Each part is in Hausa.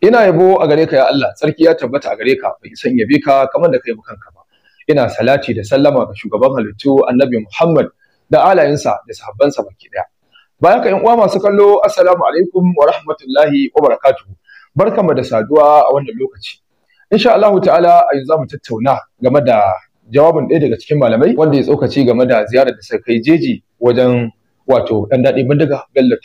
ina yabo a gare ka ya Allah tsarki ya tabbata a gare ka bai san yabe ka kamar da kai mu kanka ba ina salati da sallama ga shugaban halittu annabi Muhammad da alayinsa da sahabbansa baki daya bayan ka yan uwa masu kallo assalamu alaikum wa rahmatullahi wa barakatuhu barkamu da saduwa a wannan lokaci insha Allah ta'ala a yanzu zamu tattauna game da jawabin ɗaya daga cikin malamai wanda ya tsokaci game da ziyarar da sai kai jeji wajen wato dan daɗi bindiga bello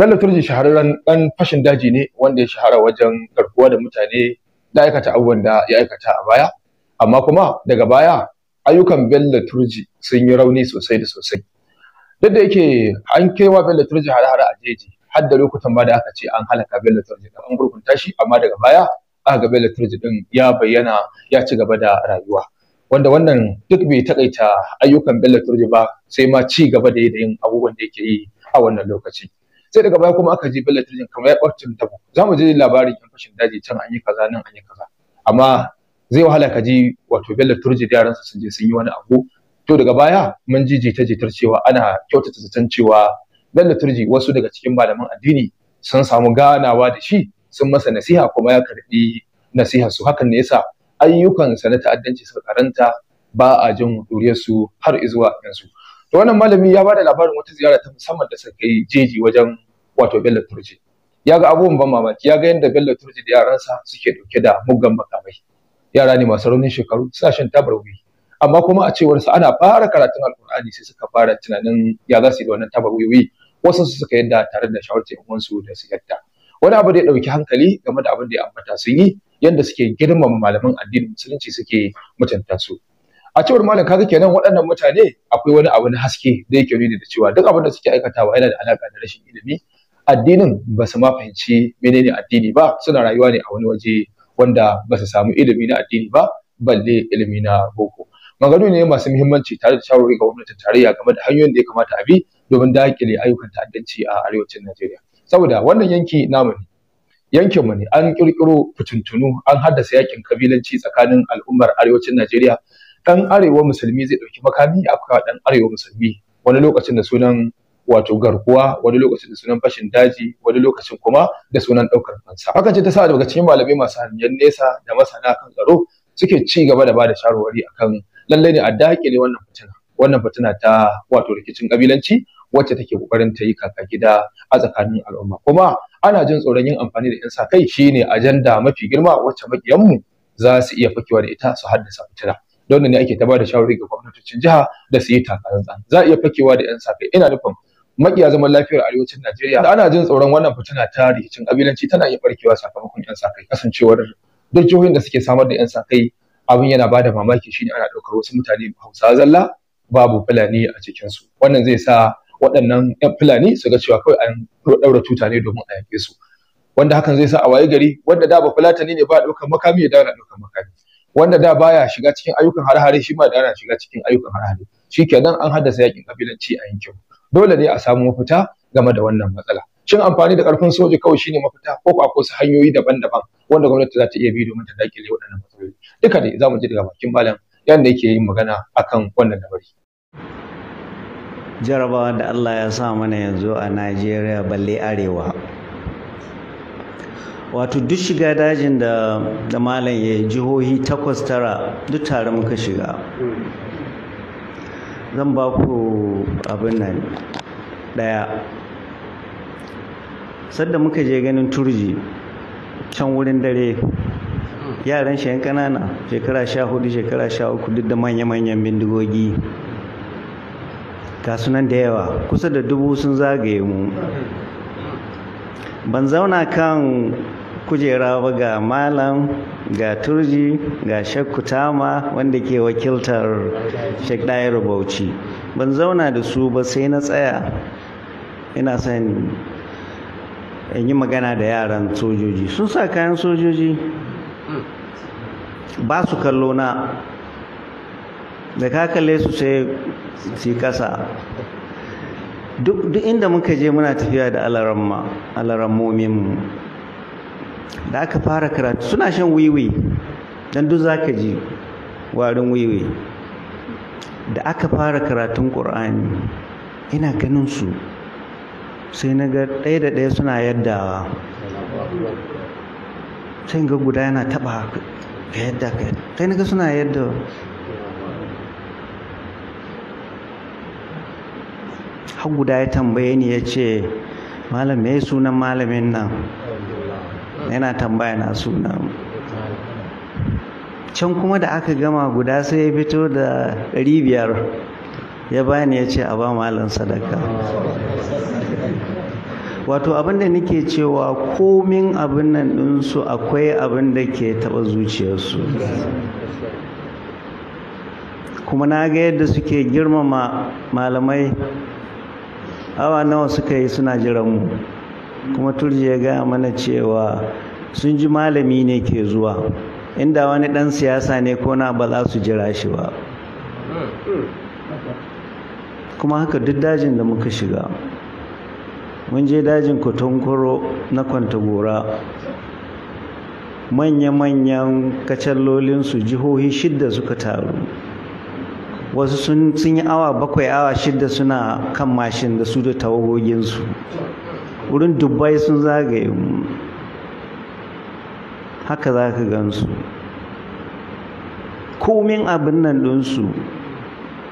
Bello Turji shahararren ɗan fashin daji ne wanda ya shahara wajen garkuwa da mutane da aikata abubuwan da ya aikata a baya. Amma kuma daga baya ayyukan Bello Turji sun yi rauni sosai da sosai. Duk da yake an kaiwa Bello Turji hare-hare a jeji har da lokutan ba da aka ce an halaka Bello Turji an gurgunta shi amma daga baya aka ga Bello Turji din ya bayyana ya ci gaba da rayuwa. Wanda wannan duk bai taƙaita ayyukan Bello Turji ba sai ma ci gaba da yin abubuwan da yake yi a wannan lokacin. sai daga baya kuma aka je bella tirjin kamar ya ta dabo za mu je labarin yan fashin daji can an yi kaza nan an yi kaza amma zai wahala ka ji wato bella turji da su sun je sun yi wani abu to daga baya mun ji jita jitar cewa ana kyautata zaton cewa bella turji wasu daga cikin malaman addini sun samu ganawa da shi sun masa nasiha kuma ya karɓi nasiha su hakan ne yasa sa na ta'addanci suka karanta ba a jin su har izuwa yanzu to wannan malami ya bada labarin wata ziyara ta musamman da suka yi jeji wajen wato Bello Turji ya ga abubuwan ban mamaki ya ga yadda Bello Turji da yaransa suke dauke da muggan makamai yara ne masu raunin shekaru suna shan tabar amma kuma a cewar sa ana fara karatun alkur'ani sai suka fara tunanin ya za su yi da wannan tabar wasu su suka yadda tare da shawarci yan uwansu da su yadda wani abu da ya dauki hankali game da abin da ya ambata sun yi yadda suke girmama malaman addinin musulunci suke mutunta su a cewar malam kaga kenan waɗannan mutane akwai wani abu na haske da yake nuni da cewa duk abin da suke aikatawa yana da alaƙa da rashin ilimi addinin ba su ma fahimci menene addini ba suna rayuwa ne a wani waje wanda ba su samu ilimi na addini ba balle ilimi na boko maganu ne masu muhimmanci tare da shawarwari ga gwamnatin tarayya game da hanyoyin da ya kamata a bi domin daƙile ayyukan ta'addanci a arewacin Najeriya saboda wannan yanki namu ne yankin mu ne an kirkiro fitintunu an haddasa yakin kabilanci tsakanin al'ummar arewacin Najeriya dan arewa musulmi zai ɗauki makami akwai dan arewa musulmi wani lokacin da sunan wato garkuwa wani lokacin da sunan fashin daji wani lokacin kuma da sunan ɗaukar fansa hakan ce ta sa daga cikin malamai masu hanyar nesa da masana kan tsaro suke ci gaba da bada shawarwari akan lallai ne a dakile wannan fitina wannan fitina ta wato rikicin kabilanci wacce take kokarin ta yi kaka gida a tsakanin al'umma kuma ana jin tsoron yin amfani da yan sa kai shine ajanda mafi girma wacce makiyanmu za su iya fakewa da ita su haddasa fitina da wannan ne ake ta bada shawari ga gwamnatocin jiha da su yi takatsantsan za a iya fakewa da 'yan sa-kai. ina nufin makiya zaman lafiyar arewacin Najeriya da ana jin tsoron wannan fitina ta rikicin kabilanci tana iya barkewa sakamakon 'yan sa-kai, kasancewar duk jihohin da suke samar da 'yan sakai abin yana ba da mamaki shine ana ɗaukar wasu mutane Hausa zalla babu Fulani a cikinsu wannan zai sa waɗannan 'yan Fulani su ga cewa kawai an ɗaura tuta ne domin a yanke su wanda hakan zai sa a waye gari wanda da ba Fulatani ne ba ɗaukar makami ya dawo na ɗaukar makami wanda da baya shiga cikin ayyukan harhare shi ma da yana shiga cikin ayyukan shi ke shikenan an haddasa yakin kabilanci a yankin dole ne a samu mafita game da wannan matsala Cin amfani da karfin soja kawai shine mafita ko ko akwai hanyoyi daban-daban wanda gwamnati za ta iya bi domin ta dakile waɗannan matsaloli duka dai mu ji daga bakin malam yanda yake yin magana akan wannan labari jarabawa da Allah ya sa mana yanzu a Najeriya balle arewa wato duk shiga dajin da da malam ya jihohi takwas tara duk tare muka shiga zan ba ku abin nan ɗaya sadda muka je ganin turji can wurin dare yaran shi yan ƙanana shekara sha hudu shekara sha uku duk da manya-manyan bindigogi ga sunan da yawa kusa da dubu sun zagaye mu ban zauna kan kujera ba ga malam ga turji ga shakku tama wanda ke wakiltar shek bauchi ban zauna da su ba sai na tsaya ina son in yi magana da yaran sojoji sun sa kayan sojoji ba su kallo na da ka su sai su kasa duk inda muka je muna tafiya da alaramma alarammomin mu da aka fara karatu suna shan wiwi don duk ka ji warin wiwi da aka fara karatun ƙur'ani ina ganin su sai na ga ɗaya da ɗaya suna yaddawa sai ga guda yana taɓa ka yadda ka yadda sai na ga suna yadda har guda ya tambaye ni ya ce malam sunan malamin nan yana tambaya na suna can kuma da aka gama guda sai ya fito da ɗari biyar ya bani ya ce a ba malam sadaka wato abinda da nake cewa komin abin nan ɗinsu akwai abin da ke taɓa zuciyarsu kuma na ga yadda suke girmama malamai awa nawa suka yi suna jiranmu. kuma turji ya gaya mana cewa sun ji malami ne ke zuwa inda wani dan siyasa ne ko na ba za su jira shi ba kuma haka duk dajin da muka shiga mun je dajin kotonkoro na kwantagora manya-manyan su jihohi shidda suka taru wasu sun yi awa bakwai awa shidda suna kan mashin da su da tawagoginsu wurin dubbai sun zagaye mu haka za ka gansu komin abin nan ɗinsu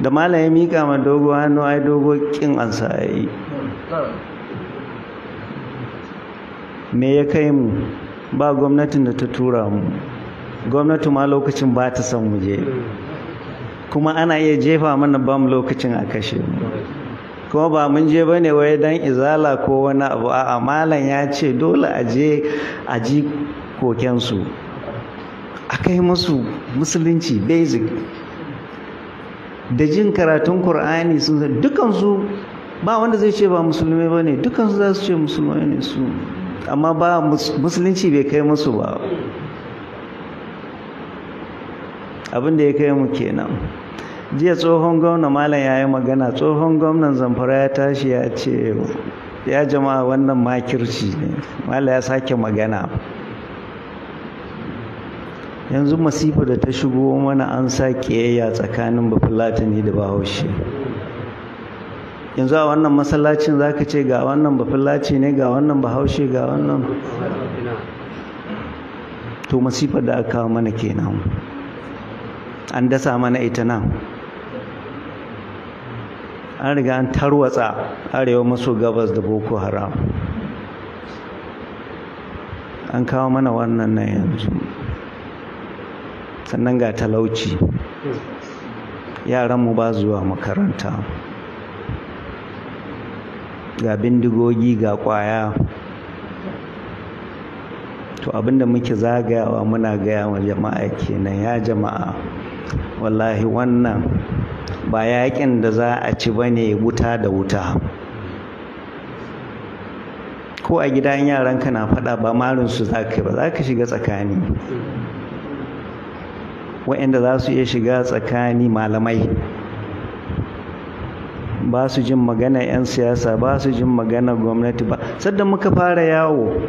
da mala ya miƙa ma dogo hannu ai dogo ƙin an sa'ayi me ya kai mu ba gwamnatin da ta tura mu gwamnati ma lokacin ba ta son mu kuma ana iya jefa mana mu lokacin a kashe mu kuma ba mun je bane wai dan izala ko wani abu a'a malam ya ce dole a je a ji kokensu a kai musu musulunci basic da jin karatun Kur'ani sun dukansu ba wanda zai ce ba Musulmi ba ne dukansu za su ce musulmai ne su amma ba musulunci bai kai musu ba abin da ya kai mu kenan jiya tsohon gwamna malam ya yi magana tsohon gwamnan zamfara ya tashi ya ce ya jama'a wannan makirci ne malam ya sake magana yanzu masifa da ta shigo mana an sa ƙiyayya tsakanin bafulatani da bahaushe yanzu a wannan masallacin za ka ce ga wannan bafulaci ne ga wannan bahaushe ga wannan to masifa da aka kawo mana kenan an dasa mana ita nan an riga an tarwatsa arewa maso gabas da boko haram an kawo mana wannan nan yanzu sannan ga talauci yaranmu ba zuwa makaranta ga bindigogi ga kwaya to abinda muke zagayawa muna gaya wa jama'a kenan ya jama'a wallahi wannan ba yaƙin da za a ci ba ne wuta da wuta ko a gida yaran yaranka na faɗa ba marinsu za ka ba za ka shiga tsakani waɗanda za su iya shiga tsakani malamai ba su jin magana 'yan siyasa ba su jin magana gwamnati ba sadda muka fara yawo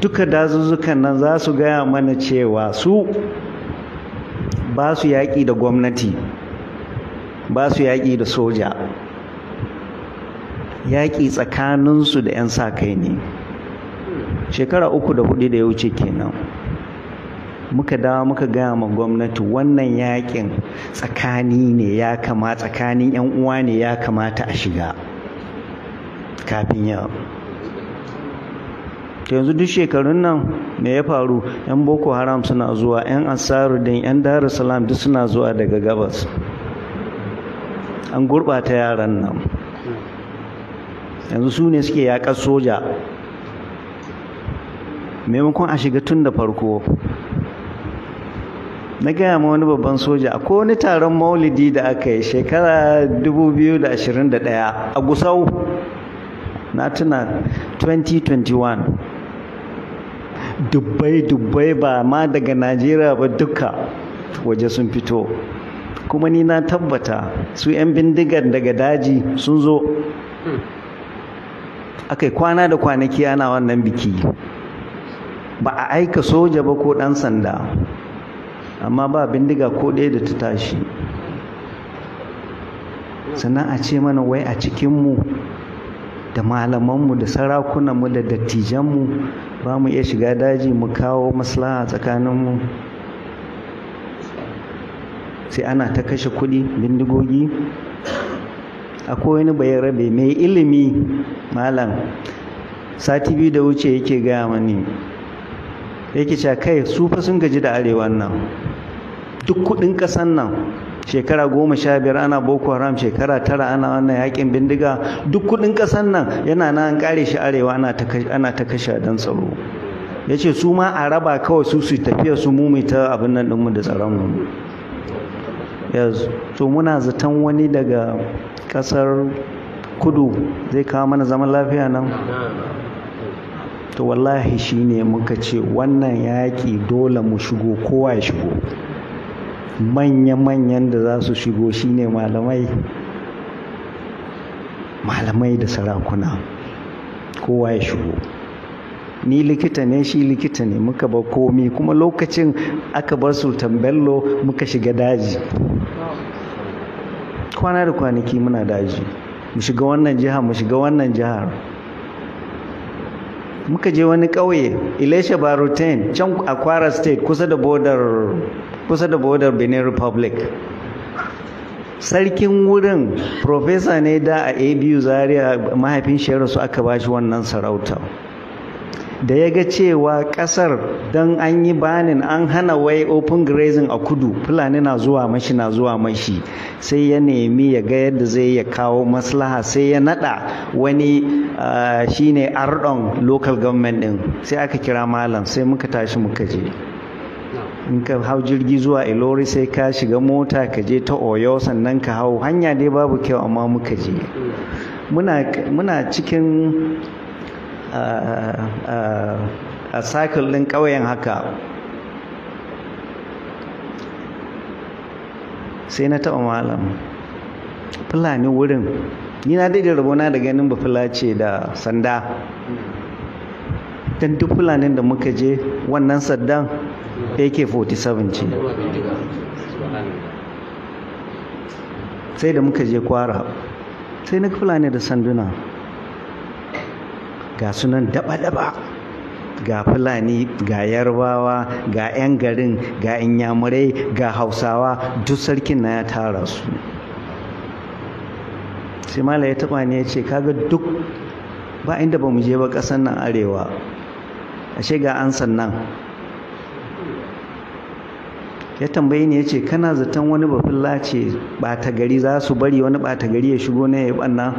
duka dazuzzukan nan za su gaya mana cewa su ba su yaƙi da gwamnati ba su yaƙi da soja yaƙi tsakaninsu da 'yan sa kai ne shekara uku da hudu da ya wuce kenan muka dawa muka gaya ma gwamnati wannan yaƙin tsakani ne ya kama tsakanin 'yan uwa ne ya kamata a shiga kafin yau ta yanzu duk shekarun nan me ya faru 'yan boko haram suna zuwa 'yan asarudin 'yan darussalam duk suna zuwa daga gabas an gurɓata yaran nan yanzu su ne suke yaƙar soja maimakon a shiga tun da farko na gaya ma wani babban soja ko wani taron maulidi da aka yi shekara 2021 a gusau na tuna 2021 dubbai dubbai ba ma daga najeriya ba duka waje sun fito kuma ni na tabbata su 'yan bindigar daga daji sun zo aka kwana da kwanaki ana wannan biki ba a aika soja ba ko ɗan sanda amma ba bindiga ko ɗaya da ta tashi sannan a ce mana wai a cikinmu da malamanmu da sarakunanmu da dattijanmu ba mu iya shiga daji mu kawo maslaha tsakaninmu sai ana ta kashe kuɗi bindigogi akwai wani bayan rabe mai ilimi malam sati biyu da wuce yake gaya mani yake cewa kai su fa sun gaji da arewa nan duk kuɗin ƙasan nan shekara goma sha biyar ana boko haram shekara tara ana wannan yakin bindiga duk kudin kasan nan yana nan kare shi arewa ana ta kashe don tsaro ya ce su ma a raba kawai su su tafiya su mu mai ta abin nan ɗinmu da tsaron mu yanzu to muna zaton wani daga kasar kudu zai kawo mana zaman lafiya nan to wallahi shi ne muka ce wannan yaƙi dole mu shigo kowa ya shigo manya-manyan da za su shigo shine malamai malamai da sarakuna kowa ya shigo ni likita ne shi likita ne muka ba komi kuma lokacin aka bar sultan bello muka shiga daji kwana da kwanaki muna daji mu shiga wannan jiha mu shiga wannan jihar muka je wani ƙauye ilesha barutain can a kwara state kusa da bodar kusa da benin republic sarkin wurin profesa ne da a abu zaria mahaifin shi aka bashi wannan sarauta da ya ga cewa ƙasar don an yi banin an hana wai open grazing a kudu fulani na zuwa mashi na zuwa mashi sai ya nemi ya ga yadda zai ya kawo maslaha sai ya nada wani shine ardon local government din sai aka kira malam sai muka tashi muka je in ka hau jirgi zuwa ilori sai ka shiga mota ka je ta oyo sannan ka hau hanya dai babu kyau amma muka je muna cikin a cycle ɗin ƙauyen haka sai na taɓa malam fulani wurin ni na daidai rabona da ganin ba ce da sanda don duk fulanin da muka je wannan saddan ak-47 ce sai da muka je kwara sai na fulani da sanduna ga sunan daba-daba ga fulani ga yarbawa ga 'yan garin ga inyamurai ga hausawa duk sarkin na ya tara su sai mala ya taba ne ya ce kaga duk ba inda ba mu je ba ƙasar nan arewa ashe ga an sannan ya tambaye ni ya ce kana zaton wani bafin lace ɓata gari za su bari wani ɓata gari ya shigo na ya yi ɓanna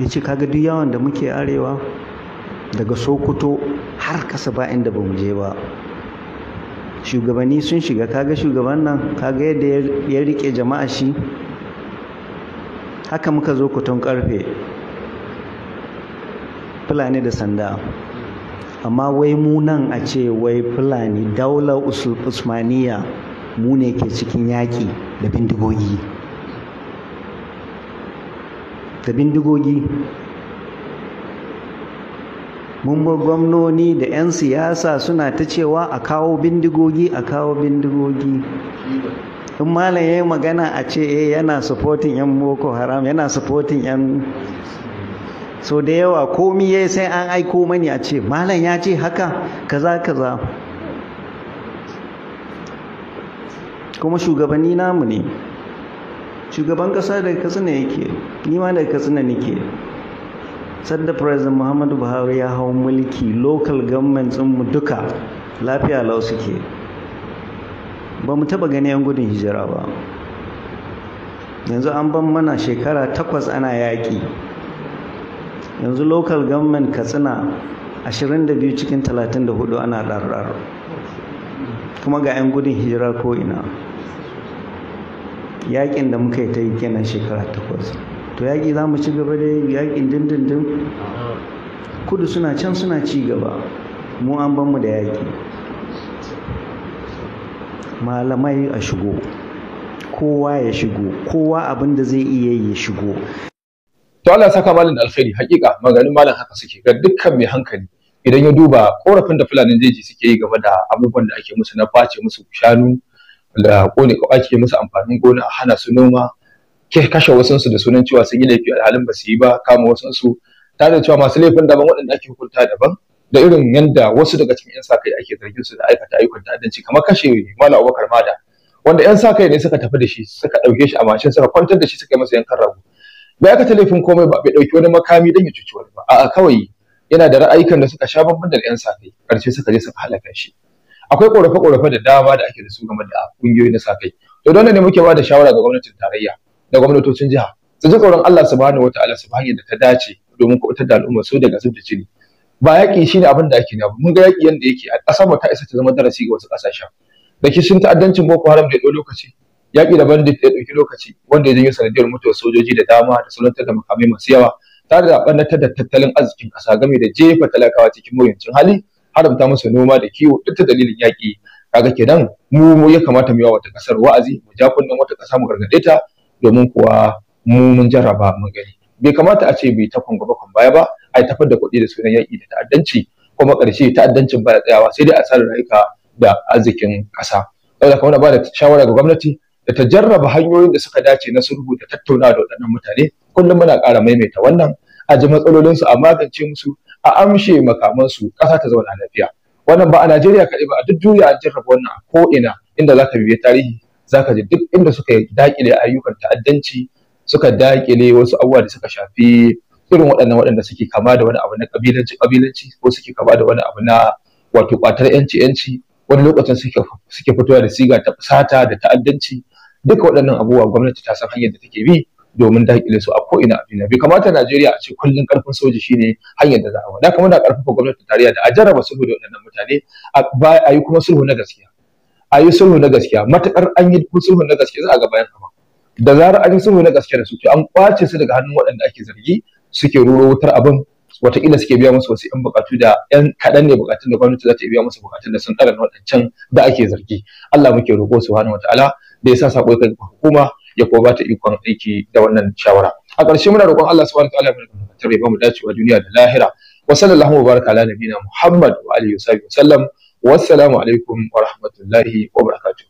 ya ce kaga duk yawon da muke arewa daga sokoto har kasa ba inda ba mu je ba shugabanni sun shiga kaga shugaban nan kaga yadda ya rike jama'a shi haka muka zo kuton karfe fulani da sanda amma wai mu nan a ce wai fulani daular usmaniya mu ne ke cikin yaƙi da bindigogi da bindigogi mun bar gwamnoni da 'yan siyasa suna ta cewa a kawo bindigogi a kawo bindigogi in malam ya yi magana a ce eh yana supporting 'yan boko haram yana supporting 'yan so da yawa komi ya sai an aiko mani a ce malam ya ce haka kaza kaza kuma shugabanni namu ne shugaban da daga katsina yake ni ma daga katsina nake da president muhammadu buhari ya hau mulki local government mu duka lafiya lau suke ba mu taba gani yan gudun hijira ba yanzu an ban mana shekara takwas ana yaƙi yanzu local government katsina 22 cikin 34 ana ɗarɗar kuma ga 'yan gudun hijira ko ina yakin da muka yi ta yi kenan shekara takwas to yaƙi za mu ci gaba da yaƙin dindindin kudu suna can suna ci gaba mu an banmu da yaƙi malamai a shigo kowa ya shigo kowa abin da zai iya ya shigo to Allah saka malam da alkhairi hakika maganin malam haka suke ga dukkan mai hankali idan ya duba korafin da fulanin jeji suke yi gaba da abubuwan da ake musu na face musu shanu da kone ko ake musu amfanin gona a hana su noma ke kashe wasu su da sunan cewa sun yi laifi alhalin ba su yi ba kama wasu su ta da cewa masu laifin daban waɗanda ake hukunta daban da irin yanda wasu daga cikin yan sakai ake zargin su da aikata ayyukan ta'addanci kamar kashe mala abubakar mada wanda yan sakai ne suka tafi da shi suka ɗauke shi a mashin suka kwantar da shi suka yi masa yankan rago bai aikata laifin komai ba bai ɗauki wani makami dan ya cuci wani ba a'a kawai yana da ra'ayikan da suka sha babban da yan sakai ƙarshe suka je suka halaka shi akwai korafe-korafe da dama da ake da su game da kungiyoyi na sa kai to don ne muke ba da shawara ga gwamnatin tarayya da gwamnatocin jiha su ji tsoron Allah subhanahu wataala su hanyar da ta dace domin kubutar da al'umma su daga zuba cini. ba yaƙi shine abin da ake nabu mun ga yaƙi yanda yake a ƙasar mu ta isa ta zama darasi ga wasu ƙasashen da kishin ta'addancin Boko Haram da ya lokaci yaƙi da bandit ya ɗauki lokaci wanda ya janyo sanadiyar mutuwar sojoji da dama da sulantar da makamai masu yawa tare da ɓannatar da tattalin arzikin ƙasa game da jefa talakawa cikin mawuyancin hali haramta musu noma da kiwo duk ta dalilin yaƙi kaga kenan mu ya kamata mu yi wa wata ƙasar wa'azi mu ja kunnen wata ƙasa mu gargaɗe ta domin kuwa mu mun jarraba mu gani bai kamata a ce bai ta gaba kun baya ba a yi tafar da kuɗi da sunan yaƙi da ta'addanci kuma ƙarshe ta'addancin baya tsayawa sai dai a tsara rayuka da arzikin ƙasa saboda kamar ba da shawara ga gwamnati da ta jarraba hanyoyin da suka dace na sulhu da tattauna da waɗannan mutane kullum muna ƙara maimaita wannan a ji matsalolinsu a magance musu a amshe makamansu ƙasa ta zauna lafiya wannan ba a Najeriya kaɗai ba a duk duniya an jarraba wannan a ko ina inda zaka biye tarihi zaka ji duk inda suka dakile ayyukan ta'addanci suka dakile wasu abubuwa da suka shafi irin waɗannan waɗanda suke kama da wani abu na ƙabilanci ƙabilanci ko suke kama da wani abu na wato ƙwatar yanci yanci wani lokacin suke suke fitowa da siga ta fusata da ta'addanci duka waɗannan abubuwa gwamnati ta san hanyar da take bi domin dakile su a ko'ina a duniya bai kamata Najeriya a ce kullum karfin soji shine hanyar da za a da kuma da karfafa gwamnatin tarayya da a jarraba sulhu da waɗannan mutane a yi kuma sulhu na gaskiya a yi sulhu na gaskiya matakar an yi sulhu na gaskiya za a ga bayan da zarar an yi sulhu na gaskiya da su to an kwace su daga hannun waɗanda ake zargi suke ruro wutar abin wataƙila suke biya musu wasu 'yan bukatu da 'yan kaɗan ne bukatun da gwamnati za ta biya musu bukatun da sun ɗara na waɗancan da ake zargi Allah muke roƙo subhanahu wataala da ya sa sako ga hukuma ya kuma ba ta ikon aiki da wannan shawara a ƙarshe muna roƙon Allah subhanahu wataala ya tare ba mu dacewa duniya da lahira wa sallallahu wa baraka ala nabina Muhammad wa alihi wa sallam wassalamu alaikum wa rahmatullahi wa barakatuh